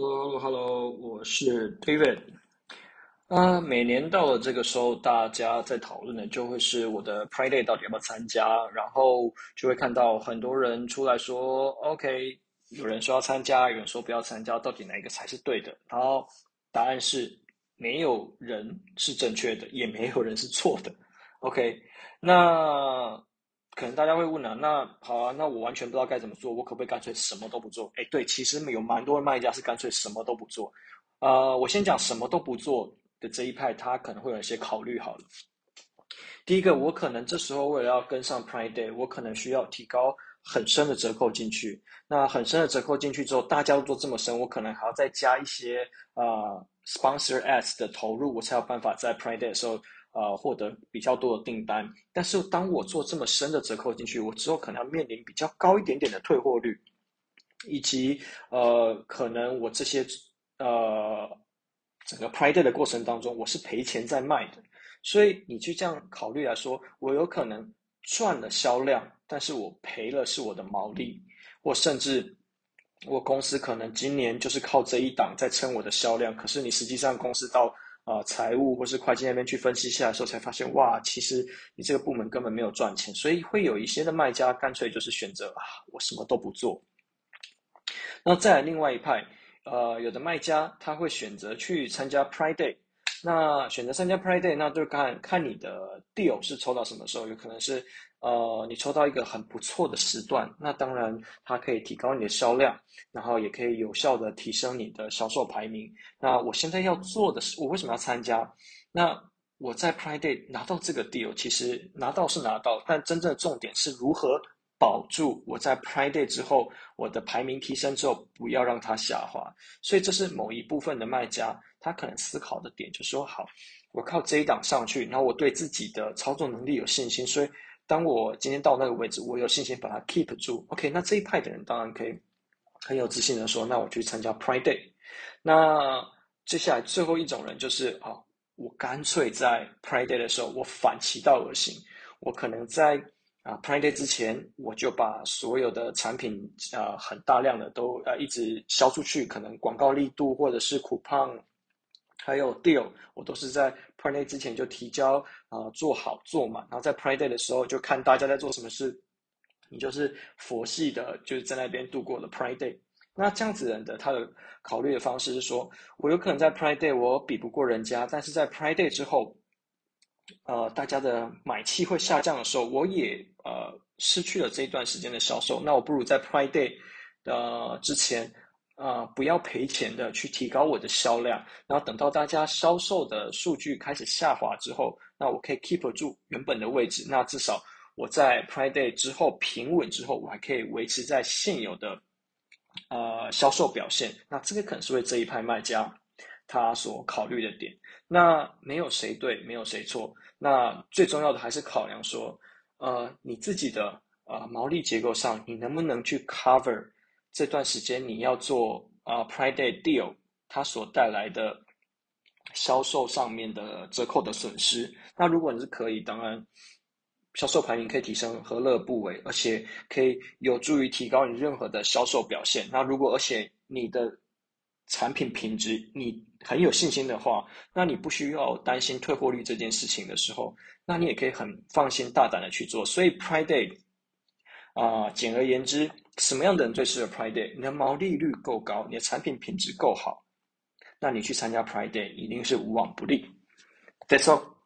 Hello，Hello，hello, 我是 David。啊、uh,，每年到了這個時候，大家在討論的就會是我的 Prime Day 到底要不要參加，然後就會看到很多人出來說 “OK”，有人說要參加，有人說不要參加，到底哪一個才是對的？然後答案是沒有人是正確的，也沒有人是錯的。OK，那。可能大家會問了、啊，那好啊，那我完全不知道該怎麼做，我可不可以乾脆什麼都不做？哎，對，其實有蠻多的賣家是乾脆什麼都不做。呃，我先講什麼都不做的這一派，他可能會有一些考慮。好了，第一個，我可能這時候為了要跟上 Prime Day，我可能需要提高很深的折扣進去。那很深的折扣進去之後，大家都做這麼深，我可能還要再加一些啊、呃、sponsor ads 的投入，我才有辦法在 Prime Day 的時候。呃，獲得比較多的訂單，但是當我做這麼深的折扣進去，我之後可能要面臨比較高一點點的退貨率，以及呃，可能我這些呃，整個 Prime Day 的過程當中，我是賠錢在賣的。所以你去這樣考慮來說，我有可能賺了銷量，但是我賠了是我的毛利，或甚至我公司可能今年就是靠這一檔在撐我的銷量，可是你實際上公司到，啊、呃，財務或是會計那邊去分析一下的時候，才發現哇，其實你這個部門根本沒有賺錢，所以會有一些的賣家乾脆就是選擇啊，我什麼都不做。那再來另外一派，呃，有的賣家他會選擇去參加 Prime Day。那選擇參加 Prime Day，那就看看你的 deal 是抽到什麼時候，有可能是呃你抽到一個很不錯的時段，那當然它可以提高你的銷量，然後也可以有效的提升你的銷售排名。那我現在要做的是，我為什麼要參加？那我在 Prime Day 拿到這個 deal，其實拿到是拿到，但真正的重點是如何保住我在 Prime Day 之後我的排名提升之後不要讓它下滑。所以這是某一部分的賣家。他可能思考的點就是說：好，我靠這一檔上去，然後我對自己的操作能力有信心，所以當我今天到那個位置，我有信心把它 keep 住。OK，那這一派的人當然可以很有自信地說：那我去參加 Prime Day。那接下來最後一種人就是：啊、哦，我乾脆在 Prime Day 的時候，我反其道而行，我可能在啊、呃、Prime Day 之前，我就把所有的產品啊、呃、很大量的都啊、呃，一直銷出去，可能廣告力度或者是 coupon。還有 deal，我都是在 Prime Day 之前就提交啊、呃，做好做滿，然後在 Prime Day 的時候就看大家在做什麼事，你就是佛系的，就是在那邊度過了 Prime Day。那這樣子人的他的考慮的方式是說，我有可能在 Prime Day 我比不過人家，但是在 Prime Day 之後，呃，大家的買氣會下降的時候，我也呃失去了這段時間的銷售，那我不如在 Prime Day 的、呃、之前。呃，不要賠錢的去提高我的銷量，然後等到大家銷售的數據開始下滑之後，那我可以 keep 住原本的位置。那至少我在 Prime Day 之後平穩之後，我還可以維持在現有的呃銷售表現。那這個可能是為這一派賣家他所考慮的點。那沒有誰對，沒有誰錯。那最重要的還是考量說，呃，你自己的呃毛利結構上，你能不能去 cover？這段時間你要做啊、uh, Prime Day Deal，它所帶來的銷售上面的折扣的損失。那如果你是可以，當然銷售排名可以提升，何樂不為？而且可以有助於提高你任何的銷售表現。那如果而且你的產品品質你很有信心的話，那你不需要擔心退貨率這件事情的時候，那你也可以很放心大膽的去做。所以 Prime Day。啊、呃，簡而言之，什麼樣的人最適合 Prime Day？你的毛利率夠高，你的產品品質夠好，那你去參加 Prime Day 一定是無往不利。That's all.